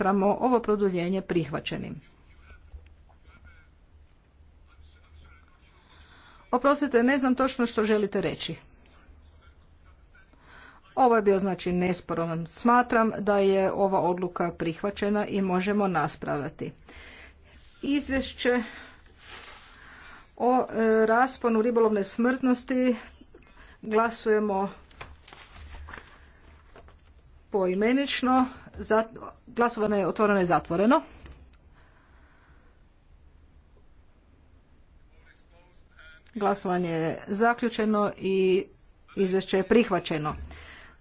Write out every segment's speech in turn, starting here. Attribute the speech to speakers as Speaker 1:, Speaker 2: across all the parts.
Speaker 1: smatramo ovo produljenje prihvaćenim. Oprostite, ne znam točno što želite reći. Ovo je bio znači nesporovan. Smatram da je ova odluka prihvaćena i možemo naspravati. Izvješće o e, rasponu ribolovne smrtnosti glasujemo poimenično glasovano je otvoreno i zatvoreno. Glasovanje je zaključeno i izvješće je prihvaćeno.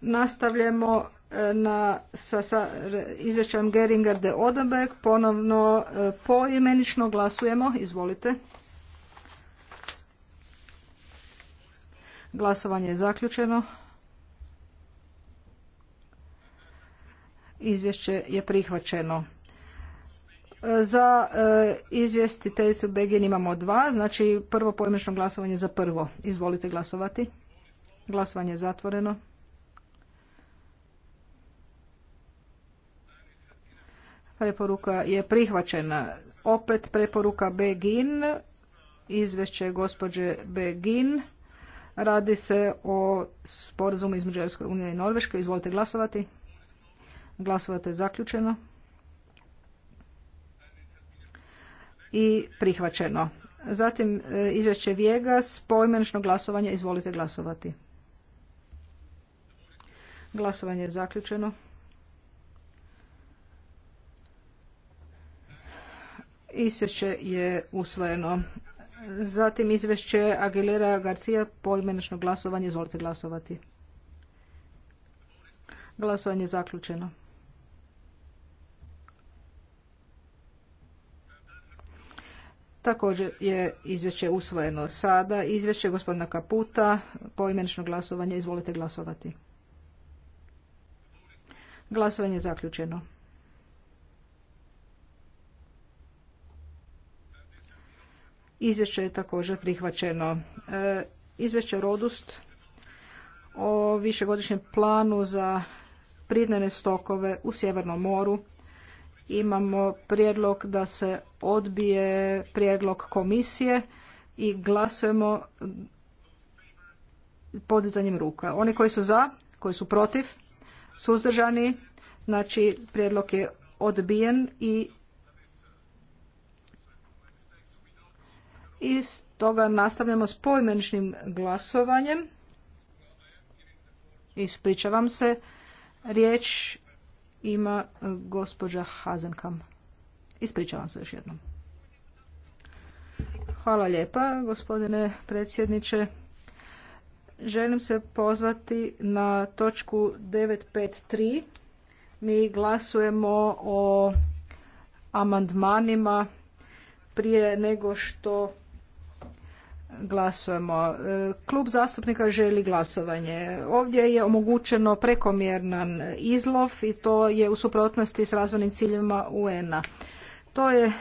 Speaker 1: Nastavljamo e, na, sa, sa izvješćem Geringer de Odenberg. Ponovno e, poimenično glasujemo. Izvolite. Glasovanje je zaključeno. Izvješće je prihvaćeno. Za e, izvjestiteljicu Begin imamo dva, znači prvo pojedinačno glasovanje za prvo. Izvolite glasovati. Glasovanje je zatvoreno. Preporuka je prihvaćena. Opet preporuka Begin, izvješće gospođe Begin. Radi se o sporazumu između Europske unije i Norveške. Izvolite glasovati. Glasovate je zaključeno. I prihvaćeno. Zatim e, izvješće Vjegas, poimenično glasovanje, izvolite glasovati. Glasovanje je zaključeno. Izvješće je usvojeno. Zatim izvješće Aguilera Garcia, poimenično glasovanje, izvolite glasovati. Glasovanje je zaključeno. Također je izvješće usvojeno sada. Izvješće gospodina Kaputa, poimenično glasovanje, izvolite glasovati. Glasovanje je zaključeno. Izvješće je također prihvaćeno. E, izvješće Rodust o višegodišnjem planu za pridnene stokove u Sjevernom moru imamo prijedlog da se odbije prijedlog komisije i glasujemo podizanjem ruka. Oni koji su za, koji su protiv, suzdržani, znači prijedlog je odbijen i iz toga nastavljamo s poimeničnim glasovanjem. Ispričavam se. Riječ ima e, gospođa Hazenkam. Ispričavam se još jednom. Hvala lijepa, gospodine predsjedniče. Želim se pozvati na točku 953. Mi glasujemo o amandmanima prije nego što glasujemo. E, klub zastupnika želi glasovanje. Ovdje je omogućeno prekomjernan izlov i to je u suprotnosti s razvojnim ciljevima UN-a. To je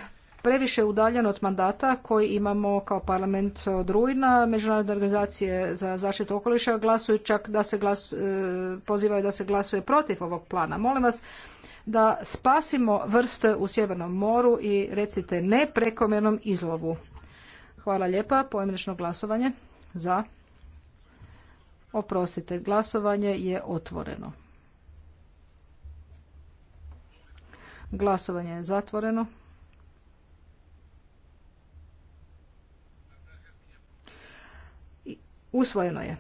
Speaker 1: previše udaljeno od mandata koji imamo kao parlament od rujna. Međunarodne organizacije za zaštitu okoliša glasuju čak da se e, pozivaju da se glasuje protiv ovog plana. Molim vas da spasimo vrste u Sjevernom moru i recite ne prekomjernom izlovu. Hvala lijepa. Pojedinačno glasovanje za. Oprostite, glasovanje je otvoreno. Glasovanje je zatvoreno. Usvojeno je.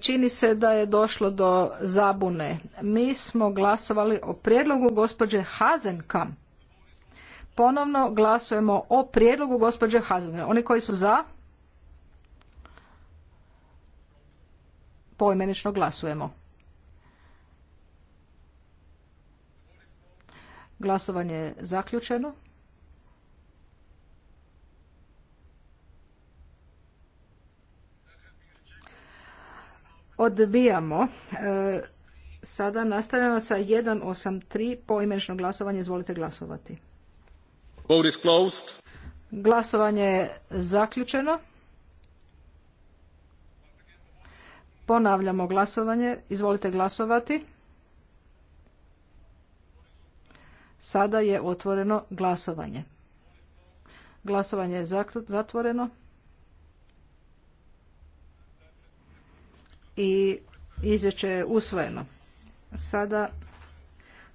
Speaker 1: Čini se da je došlo do zabune. Mi smo glasovali o prijedlogu gospođe Hazenka. Ponovno glasujemo o prijedlogu gospođe Hazenka. Oni koji su za? Poimenično glasujemo. Glasovanje je zaključeno. odbijamo. E, sada nastavljamo sa 183 imenično glasovanje. Izvolite glasovati. Glasovanje je zaključeno. Ponavljamo glasovanje. Izvolite glasovati. Sada je otvoreno glasovanje. Glasovanje je zatvoreno. i izvješće je usvojeno. Sada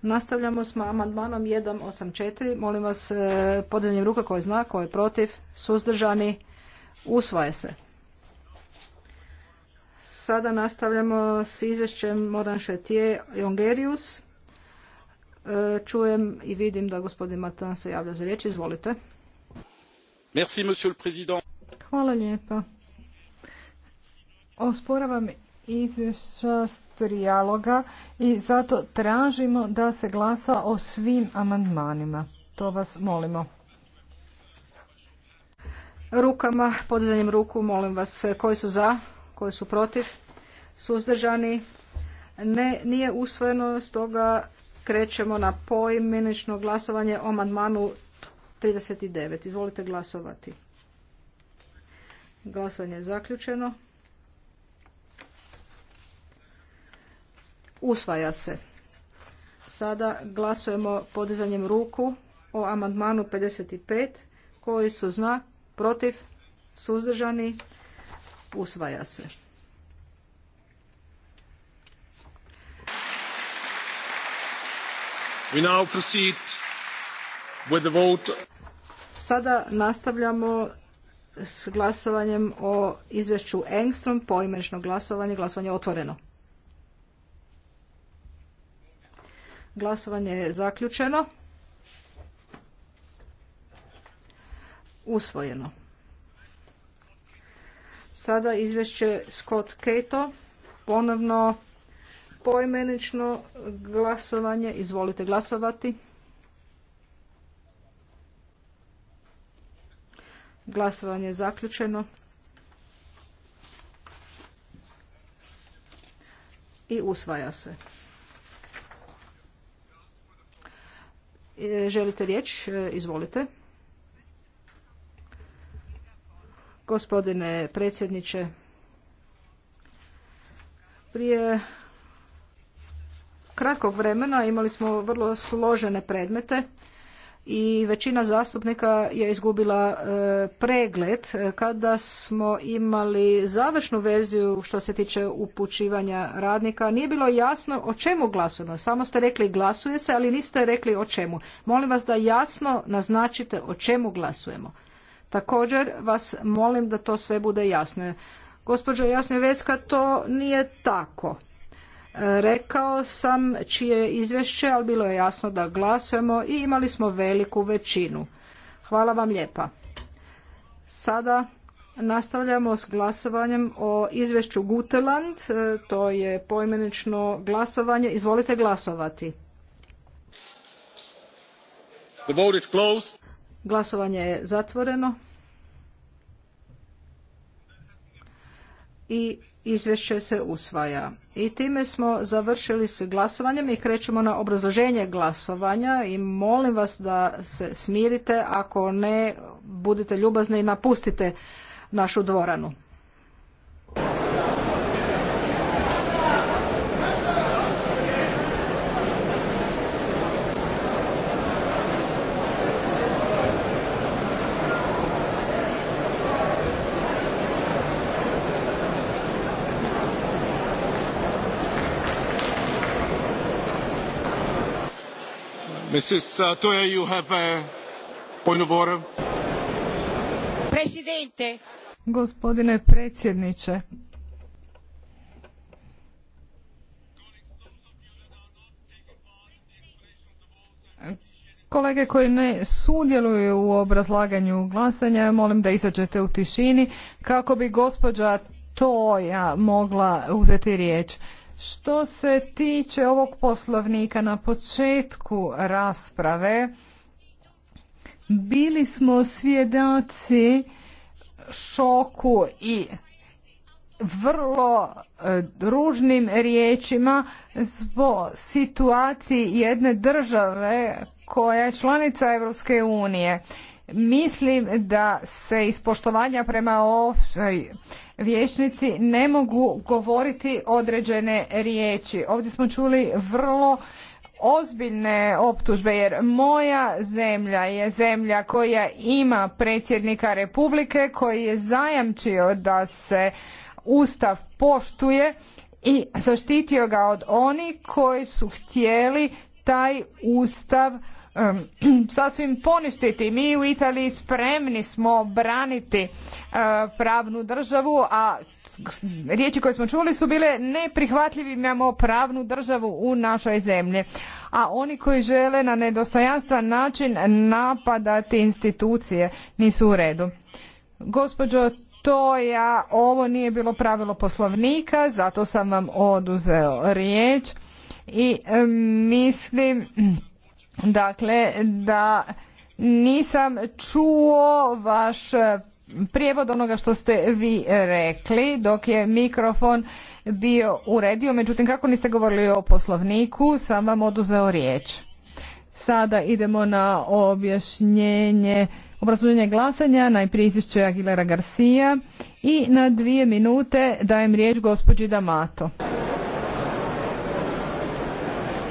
Speaker 1: nastavljamo s amandmanom 184. Molim vas e, podizanjem ruka koji zna, koje je protiv, suzdržani, usvaje se. Sada nastavljamo s izvješćem Šetije Šetje Jongerius. E, čujem i vidim da gospodin Matan se javlja za riječ. Izvolite.
Speaker 2: Hvala lijepa. Osporavam izvješća s trijaloga i zato tražimo da se glasa o svim amandmanima. To vas molimo.
Speaker 1: Rukama, podizanjem ruku, molim vas, koji su za, koji su protiv, suzdržani. Ne, nije usvojeno, stoga krećemo na poimenično glasovanje o amandmanu 39. Izvolite glasovati. Glasovanje je zaključeno. Usvaja se. Sada glasujemo podizanjem ruku o amandmanu 55 koji su zna protiv suzdržani usvaja se.
Speaker 2: now proceed with the vote.
Speaker 1: Sada nastavljamo s glasovanjem o izvješću Engstrom, poimenično glasovanje, glasovanje otvoreno. Glasovanje je zaključeno. Usvojeno. Sada izvješće Scott Cato. Ponovno poimenično glasovanje. Izvolite glasovati. Glasovanje je zaključeno. I usvaja se. E, želite riječ? E, izvolite. Gospodine predsjedniče, prije kratkog vremena imali smo vrlo složene predmete i većina zastupnika je izgubila e, pregled e, kada smo imali završnu verziju što se tiče upućivanja radnika nije bilo jasno o čemu glasujemo samo ste rekli glasuje se ali niste rekli o čemu molim vas da jasno naznačite o čemu glasujemo također vas molim da to sve bude jasno gospođo veska to nije tako Rekao sam čije izvješće, ali bilo je jasno da glasujemo i imali smo veliku većinu. Hvala vam lijepa. Sada nastavljamo s glasovanjem o izvješću Guteland. E, to je poimenično glasovanje. Izvolite glasovati. Glasovanje je zatvoreno. i izvješće se usvaja. I time smo završili s glasovanjem i krećemo na obrazloženje glasovanja i molim vas da se smirite, ako ne budite ljubazni i napustite našu dvoranu.
Speaker 2: Gospodine predsjedniče. Kolege koji ne sudjeluju u obrazlaganju glasanja, molim da izađete u tišini kako bi gospođa Toja mogla uzeti riječ. Što se tiče ovog poslovnika na početku rasprave, bili smo svjedoci šoku i vrlo e, ružnim riječima zbog situaciji jedne države koja je članica Europske unije Mislim da se iz poštovanja prema ovoj vječnici ne mogu govoriti određene riječi. Ovdje smo čuli vrlo ozbiljne optužbe jer moja zemlja je zemlja koja ima predsjednika republike koji je zajamčio da se ustav poštuje i zaštitio ga od onih koji su htjeli taj ustav sasvim poništiti. Mi u Italiji spremni smo braniti eh, pravnu državu, a riječi koje smo čuli su bile neprihvatljivi imamo pravnu državu u našoj zemlji. A oni koji žele na nedostojanstven način napadati institucije nisu u redu. Gospođo to ja, ovo nije bilo pravilo poslovnika, zato sam vam oduzeo riječ i mislim dakle da nisam čuo vaš prijevod onoga što ste vi rekli dok je mikrofon bio uredio, međutim kako niste govorili o poslovniku sam vam oduzeo riječ. Sada idemo na objašnjenje obrazloženje glasanja, najprije izvješće Aguilera Garcia i na dvije minute dajem riječ gospođi Damato.